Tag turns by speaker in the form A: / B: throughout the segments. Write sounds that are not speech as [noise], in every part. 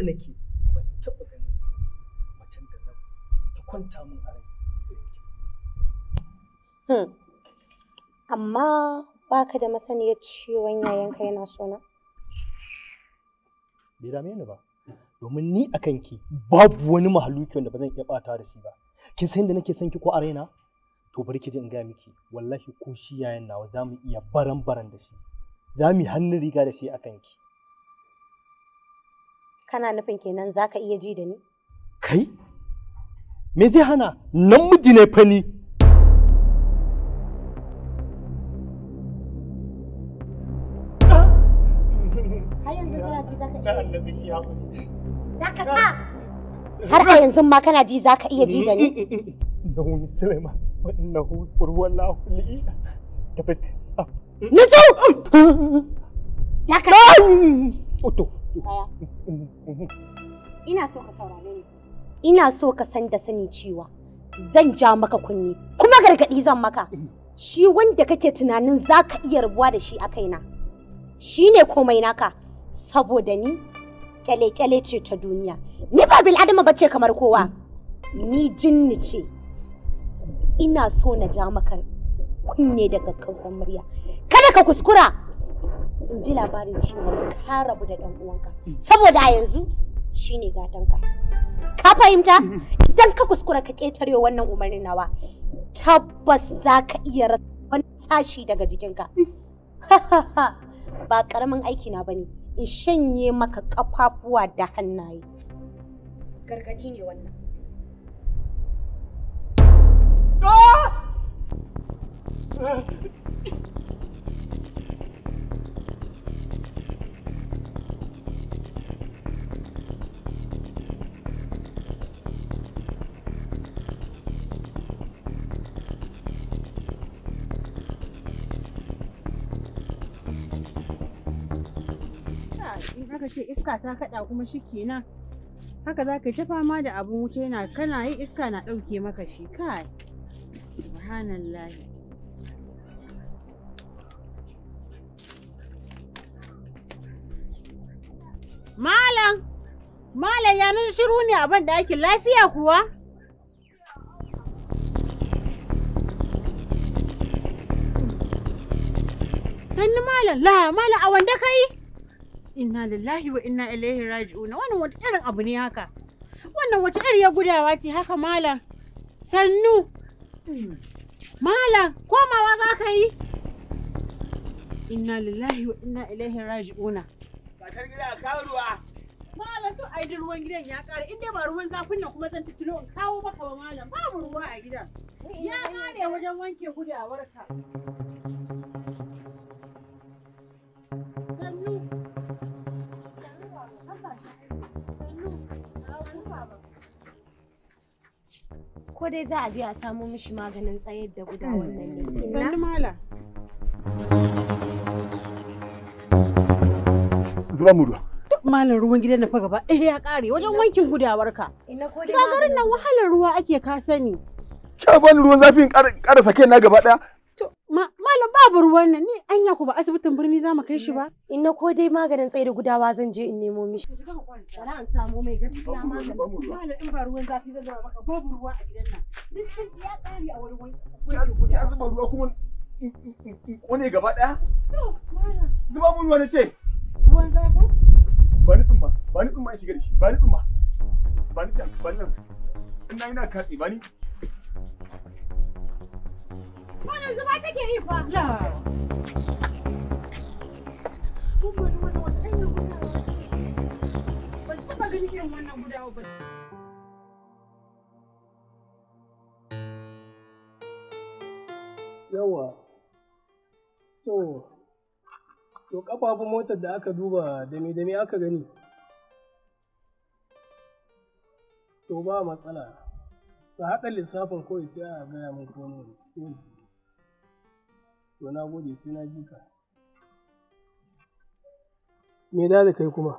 A: da nake ban taɓa ganin macen da na ta kwanta min a rai
B: hmm. amma baka da masaniyar ciwon yayanka yana sona
A: bai dame ni ba domin ni a kanki babu wani mahalukin da bazan iya bata da shi ba kin san da nake son ki ko a raina to bari ki ji in ga miki wallahi ko shi yayan nawa zamu iya baran baran da shi za mu yi hannun riga da shi a kanki
B: kana nufin kenan za ka iya ji da ni?
C: Kai? Me zai hana nan miji ne fani?
B: Har a yanzu ma kana ji za ka
C: iya ji da ni? Nahumi Sulaiman, wa'innahu urwallahu li'i tabbati.
A: Nutsu! Ya ka
B: Ina so ka saurare ni. Ina so ka san da sani cewa zan ja maka kunni kuma gargaɗi zan maka. Shi wanda kake tunanin za ka iya rabuwa da shi a kaina. Shi ne komai naka saboda ni kyale-kyale ce ta duniya. Ni ba bil adama bace kamar kowa. Ni jinni ce. Ina so na ja maka kunne daga kausan murya. Kada ka kuskura in ji labarin cewa ka rabu da ɗan uwanka mm. saboda yanzu shine gatanka ka fahimta mm-hmm. idan ka kuskura ka ketare wannan umarnin nawa tabbas za ka iya rasa daga jikinka mm. ba karamin aiki na bane in shanye maka kafafuwa da hannaye gargadi ne wannan
D: ah! aka ce iska ta kaɗa kuma shi kenan haka za ka ta fama da abin wuce yana kana yi iska na ɗauke maka shi kai subhanallah malam malam ya nan shiru ne a da ɗakin lafiya kuwa sannu malam la malam a wanda ka inna lillahi wa inna ilaihi raji'una wannan wata irin abu ne haka wannan wata iriyar gudawa ce haka malam sannu malam komawa za ka yi inna lillahi wa inna ilaihi raji'una kakar gida ka ruwa malam to ai ruwan gidan ya kare in dai ba ruwan zafin nan kuma zan tuttuno in kawo maka ba malam babu ruwa a gidan ya kare wajen wanke gudawarka
B: dai za a je a samo mishi maganin tsayar da guda hmm. wannan ne. mala.
A: Zuba mu ruwa.
D: Duk malam ruwan gidan na fa gaba ɗaya ya ƙare wajen wankin gudawarka. Ga garin nan wahalar ruwa ake ka sani.
A: Ke bani ruwan zafi in ƙara na gaba ɗaya.
D: malam babu ruwan nan ni anya ku ba asibitin birni za mu kai shi ba mm. in na ko dai maganin tsaye da gudawa zan je in nemo mishi shi ka kwanta an samu mai gaskiya malam malam in ba ruwan zafi zan zama maka babu ruwa a gidan nan
A: duk sun ya tsari a wani wani ku ta zuba ruwa kuma kone gaba daya to malam zuba mun ruwa ne ce ruwan zafi ba ni tsumma ba ni tsumma in shiga da shi ba ni tsumma ba ni can ba ni nan ina ina katse ba ni
D: Mana zuba yi
C: Yawa, to, to kafafun motar da aka duba dame-dame aka gani. To ba matsala, ka haɗa lissafin kawai sai a gaya min komai sai To na gode sai na ji ka. Me da da kai kuma?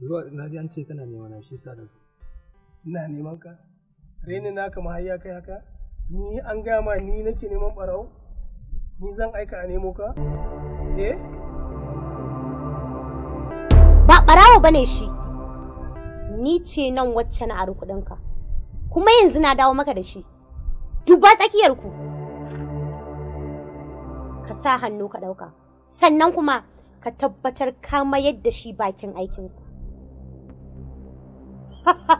C: Zuwa na ji an ce kana nema na shi sa da su. Ina neman ka? Reni na kama har ya kai haka? Ni an gaya ma ni nake neman ɓarau? Ni zan aika a nemo ka? Eh?
B: Ba ɓarawo bane shi. Ni ce nan wacce na ari kuɗinka. Kuma yanzu na dawo maka da shi. Duba tsakiyar ku. ka sa hannu ka ɗauka sannan kuma ka tabbatar ka mayar da shi bakin aikinsa [laughs]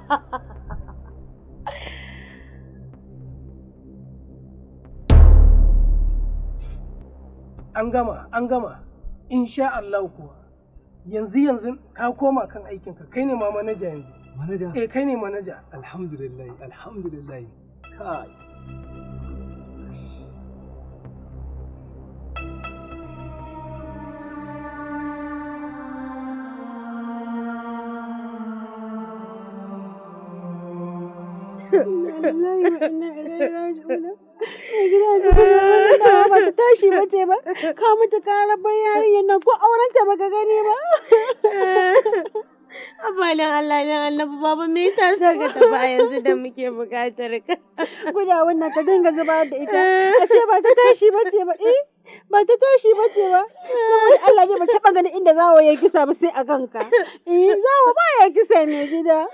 C: an gama an gama insha Allah kuwa yanzu yanzu ka koma kan aikinka kai ne ma manaja yanzu manaja eh kai ne manaja alhamdulillah alhamdulillah kai
D: wa inna a gida zubar da wannan ba ta tashi ba ce ba ka mutu karar bar yarinyar nan ko aurenta ka gani ba Abalin Allah ne annabi babu me yasa saka tafi a yanzu da muke bukatar ka. Guda wannan ka dinga zuba da ita. Ashe ba ta tashi bace ba eh ba ta tashi bace ba. Saboda Allah ne ba taba ganin inda zawo ya kisa ba sai a kanka. Eh zawo ba ya kisa ne gida.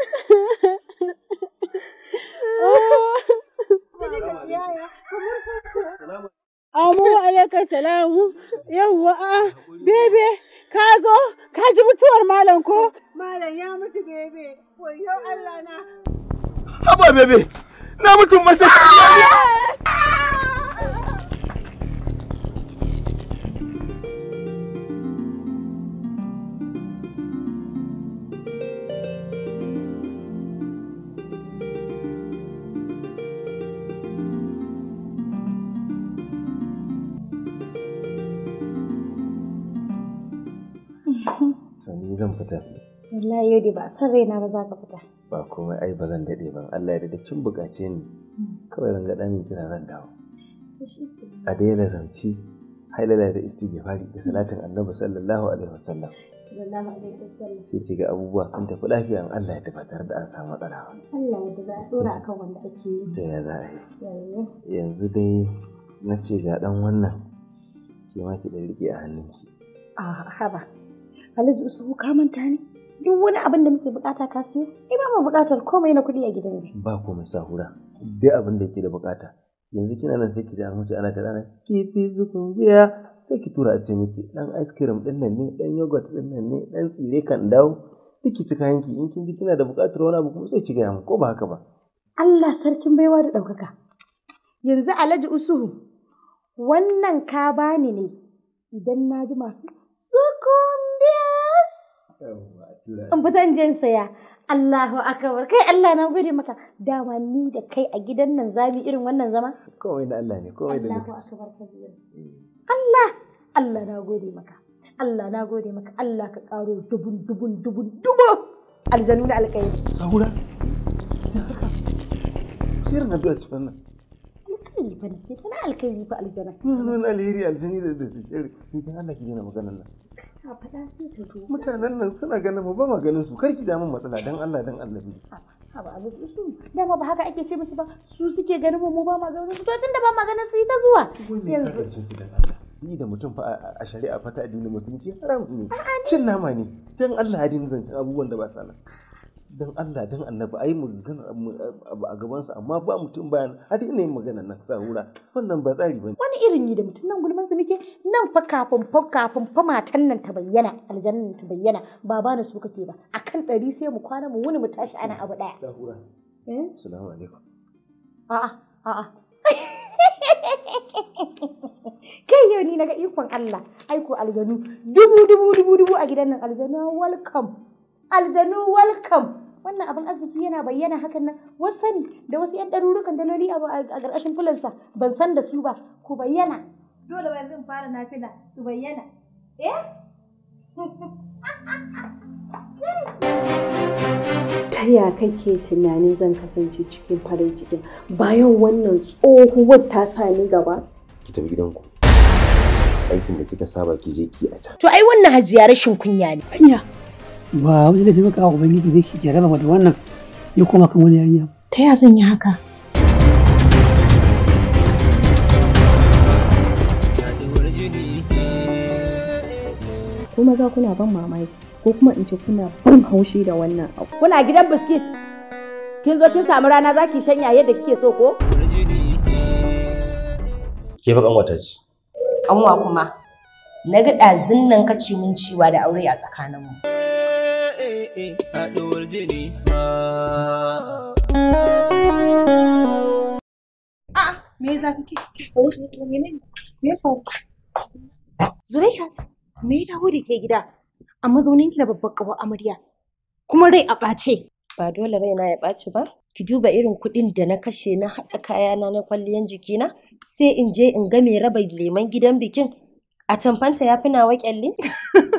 D: Amu alaikar salamu yawwa ah, bebe ka zo ka ji mutuwar malam ko? Malam ya mutu bebe Allah na. Haba bebe na mutum masa.
A: wallahi yau ba san raina ba za ka fita ba komai ai ba zan daɗe ba Allah ya dade kin buƙace ni hmm. kawai zan ga min kira zan dawo a daina zance hailala da istighfari da salatin annabi sallallahu alaihi wasallam sai ki ga abubuwa sun tafi lafiya in Allah ya tabbatar da an samu matsala Allah ya da dora akan wanda ake yi to ya za a yi yanzu dai na ce ga dan wannan ki ma ki da rike a hannunki a ah, haba Alhaji su ka manta ne duk wani abin da muke bukata ka siyo ai ba mu bukatar komai na kuɗi a gidan nan ba komai sahura duk abin da ke da bukata yanzu kina nan sai ki da mutu ana ta rana kifi zukun biya sai ki tura a sai miki dan ice cream din nan ne dan yogurt din nan ne dan tsire kan dawo duk ki cika yanki in kin ji kina da bukatar wani abu kuma sai ki gaya mu ko ba haka ba Allah sarkin baiwa da daukaka yanzu Alhaji Usuhu wannan ka bani ne idan na ji masu sukun in fitan jin saya Allahu akabar kai Allah na gode maka dama ni da kai a gidan nan zamu irin wannan zama komai da Allah ne komai da Allahu akabar kabir eh. Allah Allah na gode maka Allah na gode maka Allah ka karo dubun dubun dubun dubu aljanu na alkai
C: sahura shirin addu'a ci nan.
A: alkairi fa ne sai na alkairi fa aljana ni nan alheri aljani da da shirin ni dan Allah ki gina maganar nan mutanen nan suna ganin mu ba ma ganin su karki da mun matsala dan Allah dan Allah ne
D: da abu dama ba haka ake ce musu ba su suke ganin mu mu ba ma ganin su to tunda ba ma ganin su yi ta zuwa
A: yanzu ni da mutum fa a shari'a fa ta addinin musulunci haram ne cin nama ne dan Allah ya zance abubuwan da ba sana don Allah don annabi ai magana a gabansa amma ba mutum bayan hadi ina yin magana nan sahura wannan ba tsari bane wani irin ni da mutum nan gulman su muke nan fa kafin fa kafin fa matan nan ta bayyana aljanna ta bayyana ba ba na su kake ba akan ɗari sai mu kwana mu wuni mu tashi ana abu ɗaya sahura hmm? assalamu alaikum a'a a [laughs] kai yau ni naga ikon Allah aiko aljanu dubu dubu dubu dubu a gidan nan aljanu welcome aljanu welcome wannan abin arziki yana bayyana hakan nan wasu sani da wasu yan ɗarurukan daloli a ƙarƙashin fulansa ban san da su ba ku bayyana dole ba zan fara nafila ku bayyana eh [laughs]
D: ta ya kake tunanin zan kasance cikin farin cikin bayan wannan tsohuwar ta sa ni gaba
A: ki tafi gidanku aikin da kika saba
D: ki je ki a can
C: to ai wannan hajiya rashin kunya ne anya
D: ba wajen da taimaka wa ubangiji zai ke jaraba da wannan ya koma kan wani yarinya
C: ta ya zan yi haka
A: ko maza kuna ban mamaki ko kuma in ce kuna ban haushi da wannan
D: abu kuna gidan biskit kin zo kin samu rana zaki shanya yadda kike so ko
A: ke fa kanwata ce
D: kanwa kuma
C: na ga ɗazin nan kace min ciwa da aure a tsakaninmu. mu eh haɗuwar jini A'a, me Me Zulaihat, me ya dawo da ke gida a mazaunin gida da babbar ƙawar amarya kuma rai a ɓace. Ba dole raina ya ɓace ba, ki duba irin kuɗin da na kashe na haɗa kayana na kwalliyan jikina sai in je in ga mai raba leman gidan bikin a tamfanta ya fi nawa ƙyalli. [laughs]